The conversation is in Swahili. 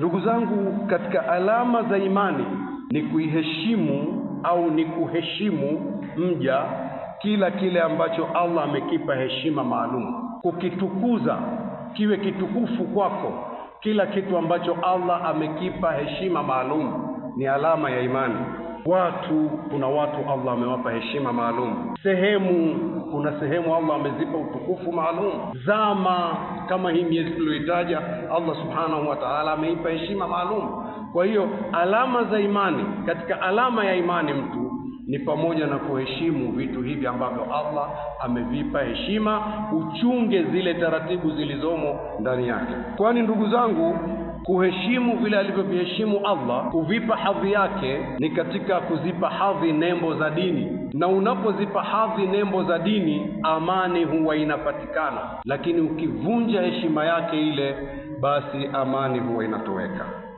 Ndugu zangu, katika alama za imani ni kuiheshimu au ni kuheshimu mja, kila kile ambacho Allah amekipa heshima maalum, kukitukuza kiwe kitukufu kwako, kila kitu ambacho Allah amekipa heshima maalum ni alama ya imani. Watu, kuna watu Allah amewapa heshima maalum, sehemu, kuna sehemu Allah amezipa utukufu maalum. Zama kama hii miezi tuliyoitaja, Allah subhanahu wa ta'ala ameipa heshima maalum. Kwa hiyo alama za imani, katika alama ya imani mtu ni pamoja na kuheshimu vitu hivi ambavyo Allah amevipa heshima, uchunge zile taratibu zilizomo ndani yake, kwani ndugu zangu Kuheshimu vile alivyoviheshimu Allah, kuvipa hadhi yake ni katika kuzipa hadhi nembo za dini, na unapozipa hadhi nembo za dini, amani huwa inapatikana, lakini ukivunja heshima yake ile, basi amani huwa inatoweka.